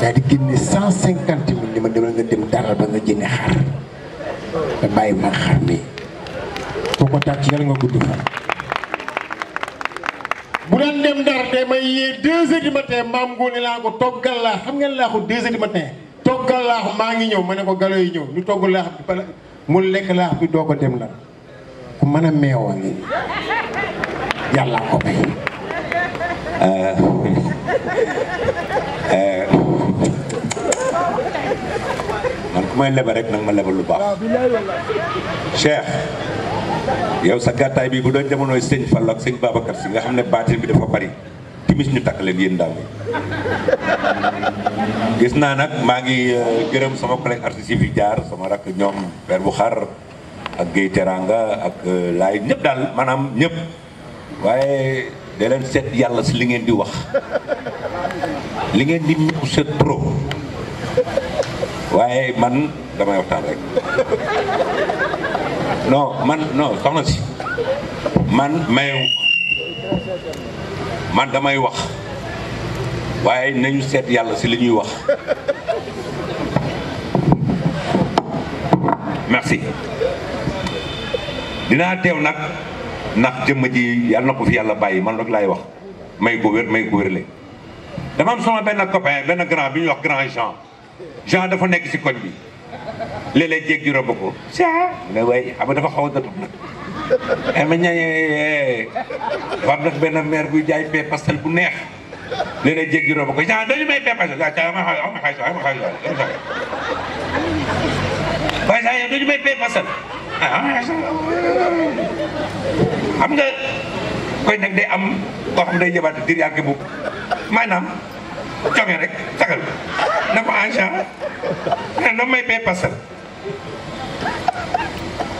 daal di génne cent cinquante mille ni ma demal nga dem dara ba nga jënne xar nga bàyyi ma xar mi kooko tàcc yàlla nga gudd fa bu daan dem ndar te may yee deux heures du matin maam Ngoné laa ko toggal laax xam ngeen laaxu deux heures du matin toggal laax maa ngi ñëw ma ne ko galo yi ñëw ñu togg laax bi bala mu lekk laax bi doo ko dem la ku mën a meewa ngi yàlla ko may euh, euh, na nga ko may lebe rek na nga ma lebal lu baax cheikh yow sa gàttaay bi bu doon jamonoy sëñ Fall ak sëñ Babacar si nga xam ne baatin bi dafa bari timis ñu takk leen yéen gis naa nag maa euh, sama collègue artiste yi sama rakk ñoom père bu xar ak Guèye Teranga ak euh, laay ñëpp daal maanaam ñëpp waaye da leen seet yàlla si di wax li di ñëw seet trop waaye man damay waxtaan rek non man non soxna si man mayew man damay wax waaye nañu seet yàlla si li ñuy wax merci dinaa teew nag ndax jëmm ji yàlla na ko fi yàlla bàyyi man rek laay wax may ko wér may ko wérle dama am sama benn copain benn grand bi ñuy wax grand Jean Jean dafa nekk si koñ bi léeg-léeg jéeg ju ko Jean mais waaye xam nga dafa xaw a dëtub nag ama ñañe wam nag benn bu neex léeg-léeg jéeg ju romb ko Jean dañu may pain pastel ama xaalis ama xaalis ama xaalis waaye Jean yow dañu may pain pastel xam nga koñ nag day am koo joxe rek tagal na ko agent ne doo may pay passer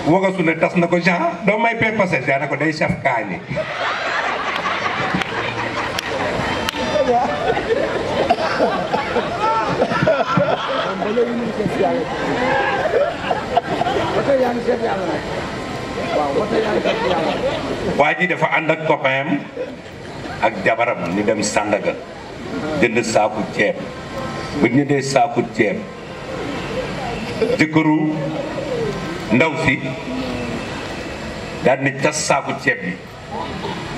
wagasu ne tas na ko Jean doo may pay passer Jean ko day chef kaani waa ji dafa ànd ak copain am ak jabaram ñu dem Sandaga jënd saaku ceeb bu ñu dee saaku ceeb jëkkëru ndaw si daal di tas saaku ceeb bi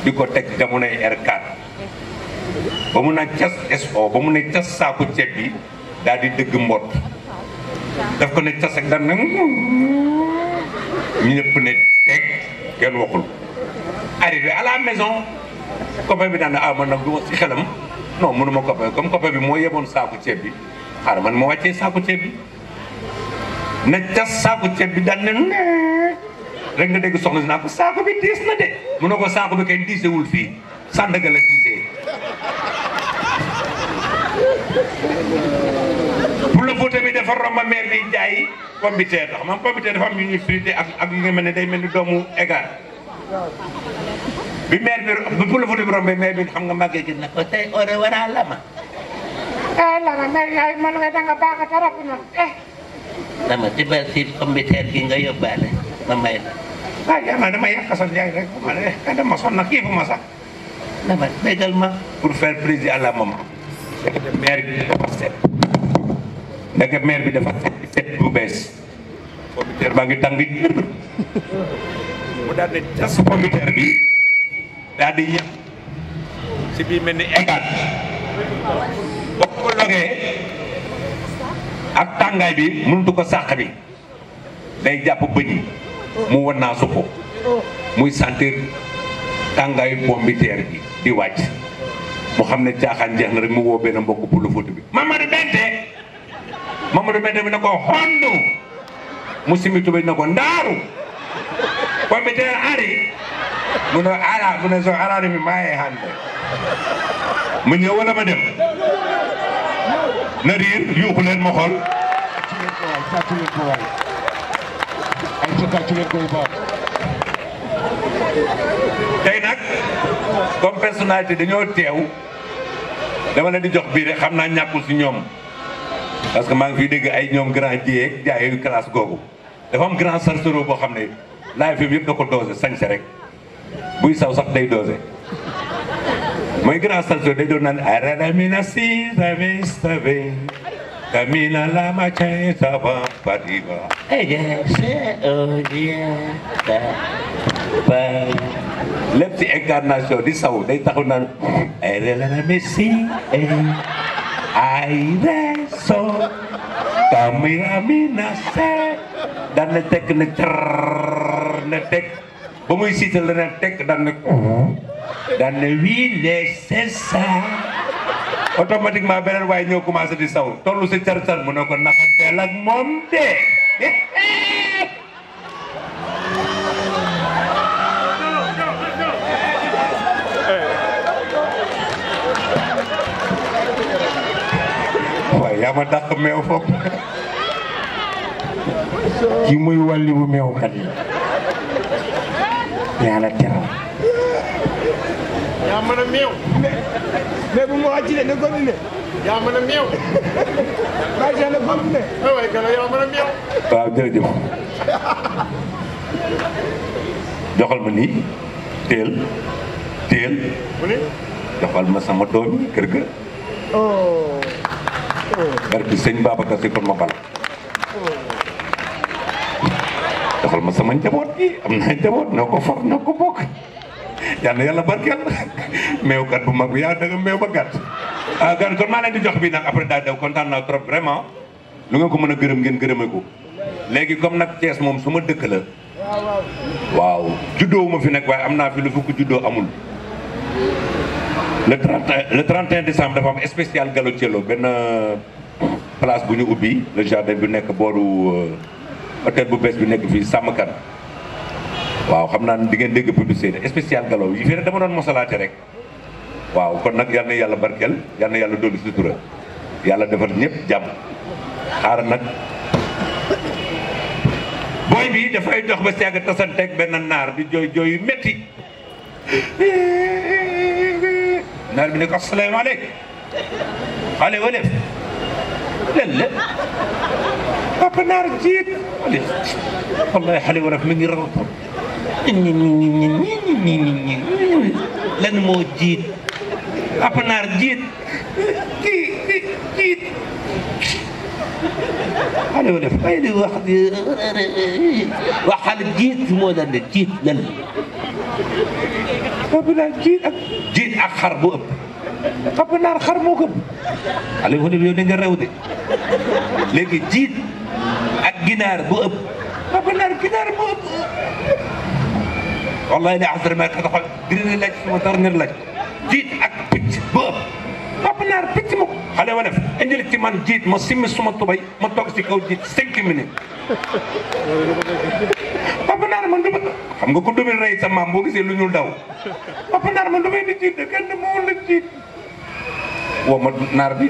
di ko teg jamonoy R4 ba mu naan cas SO ba mu ne cas saaku ceeb bi daal di dëgg mbott daf ko ne cas ak daan ñu ñëpp ne teg kenn waxul arrivé à la maison copain bi daan na ah man nag du ma si xelam non mënuma coppe comme coppe bi moo yeboon saaku ceeb bi xaaral man ma wàccee saaku ceeb bi ne tas saaku ceeb bi daan ne nee rek nga dégg soxna si naa ko saaku bi diis na de mu ne ko saaku bi kenn wul fii Sandaga la diisee bu la foto bi dafa romb maire bi jaay pompiteer ndax man pompiteer dafa am yu ñuy frité ak ak nga mel ne day mel ni doomu égar bi maire bi bu la fa dem rombé maire bi xam nga màggee ore wara lama eh lama maire yaay man nga da nga tarap eh dama tibal si commissaire gi nga yóbbaale ma may la ya ma dama yàq sa jaay rek ma ne eh, dama sonn kii fu ma sax dama bégal ma pour faire plaisir à la maman maire bi dafa set bi dafa set bu mu ne bi daal di yem iya. si bii mel ni égal ak tàngaay bi mënutu ko sàq bi day jàpp bëñ mu wan naa suppu muy sentir tàngaayu pombiteer bi di wàcc mu xam ne caaxaan jeex na rek mu woo benn mbokk pour le bi Mamadou Bente Mamadou Bente bi na ko xondu mu simi tubéy na ko ndaaru pombiteer ari mu ne ala mu ne so alaani mi maaye hannde mu ñëw wala ma dem na riir yuuxu leen ma xool tey nag comme personnalité dañoo teew dama leen di jox bii rek xam naa ñàkkul ci ñoom parce que maa ngi fiy dégg ay ñoom grand jieeg jaayeyu classe googu dafa am grand sarcero boo xam ne laay fi yëpp na doose sañse rek buy usap dari day doose mooy grand station day doon naan aradamina si sabe sabe Camina la macha saba patiba. Ella se orienta para. Lépp ci incarnation di saw day taxaw naan aire la so se ba muy siita la ne tekk daan ne uh-huh. daan ne oui les c'est ça automatiquement beneen waaye ñëw commencé di saw tollu si car car mu ne ko ak moom de waaye ya ma dàq meew foofu ki muy wàlliwu meew kat yàlla teral. yaa mën a meew. bu ma wàcc de na continué. yaa mën a meew. maa ngi na continué. waaye gannaaw yaa mën a meew. waaw jërëjëf. joxal ma mu ne. joxal ma sama doom kër ga. oh. barki sëñ Babacar si joxal ma sama njaboot bi am na njaboot noo ko for noo ko bokk yàlla yàlla barkeel meew gat bu mag bi yàlla danga meew ba gàtt ah gan kon maa leen di jox bi nag après daa daw kontaan naa trop vraiment lu nga ko mën a gërëm ngeen gërëmee ko léegi comme nag Thiès moom su ma dëkk la waaw juddoo ma fi nekk waaye am naa fi lu fukk juddoo amul le 31 le décembre dafa am spécial Galo Thiello benn euh, place bu ñu ubbi le jardin bu nekk boolu euh, hôtel bu bees bi nekk fii sàmmkan waaw xam naa di ngeen dégg publicité spécial Galaw yi fii ne dama doon mosalaate rek waaw kon nag yal na yàlla barkeel yal na yàlla dolli sutura yàlla defal ñëpp jàmm xaaral nag booy bi dafay dox ba seeg tasanteeg benn naar di jooy jooy yu métti naar bi ne ko asalaamaaleykum ale wale lel Papa Naar jiit wallahi xale wolof mi ngi raw lan moo jiit Papa Naar jiit jiit jiit xale wolof may di wax waxal jiit moo daan ne jiit lan Papa Naar jiit ak jiit ak xar bu ëpp Papa Naar xar moo ko ëpp xale wolof yow da nga raw de léegi jiit ak ginaar bu ëpp ma ko naan ginaar bu ëpp wallahi la asr ma ka taxal dina laaj suma tar ngeen laaj jiit ak picc bu ëpp ma ko naan picc ma ko xale wa def indil ci man jiit ma simmi suma tubay ma toog si kaw jiit cinq minutes Papandaar man du ma xam nga ku doomi rey sa maam boo gisee lu ñuul daw Papandaar man du may ni jiit de kenn mu woon la jiit woo ma naar bi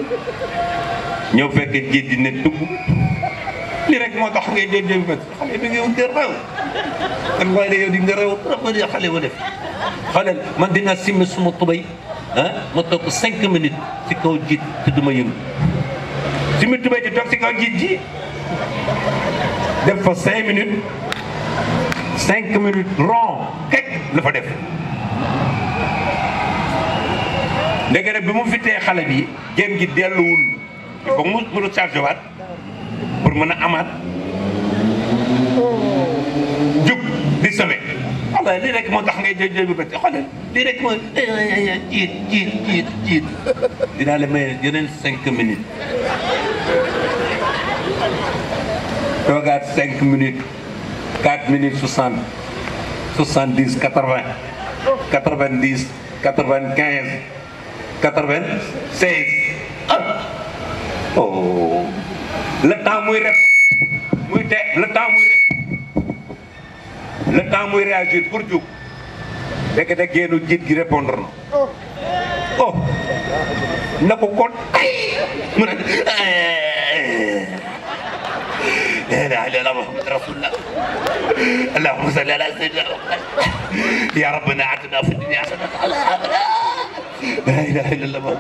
ñëw fekk jiit di ne dugg directement ko xale yi day déglu xale yi da ngay wut dër réew. wallaay de yow di nga réew trop ba xale wu def xoolal man dinaa simmi suma tubay ah ma toog 5 minutes ci kaw jiit te du ma yëngu simmi tubay di toog ci kaw jiit ji def fa 5 minutes 5 minutes rond kek la fa def. léegi nag bi mu fittee xale bi géem gi delluwul il faut mu mu chargé waat. pour amat juk di sole wala lii rek moo tax ngay jël jël bu bëtt xoolal lii rek moo jiit jiit jiit jiit dinaa la may yeneen cinq minutes toogaat cinq minutes quatre minutes soixante soixante dix ah! oh le temps muy rep muy te le temps muy le temps muy réagir pour jug dék génnu jiit gi répondre na oh na ko kon ay ne لا اله الا الله محمد رسول الله اللهم صل على سيدنا محمد يا ربنا اعتنا في الدنيا حسنه على لا اله الا الله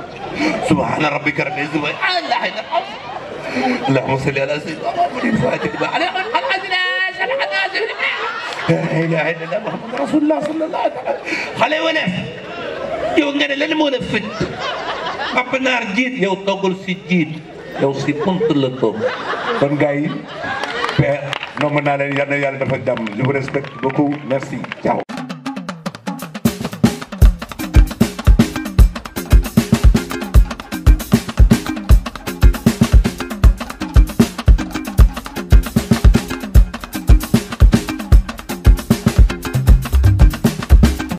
سبحان ربك رب العزه لا اله الا الله اللهم صل على سيدنا محمد الفاتح لما على الحداث الحداث لا اله الا الله محمد رسول الله صلى الله عليه وسلم xale wu ne fit ab naar jiit yow toggul si jiit yow si pont la toog kon gars yi non mën naa leen yal na yàlla dafa jàmm je vous respecte beaucoup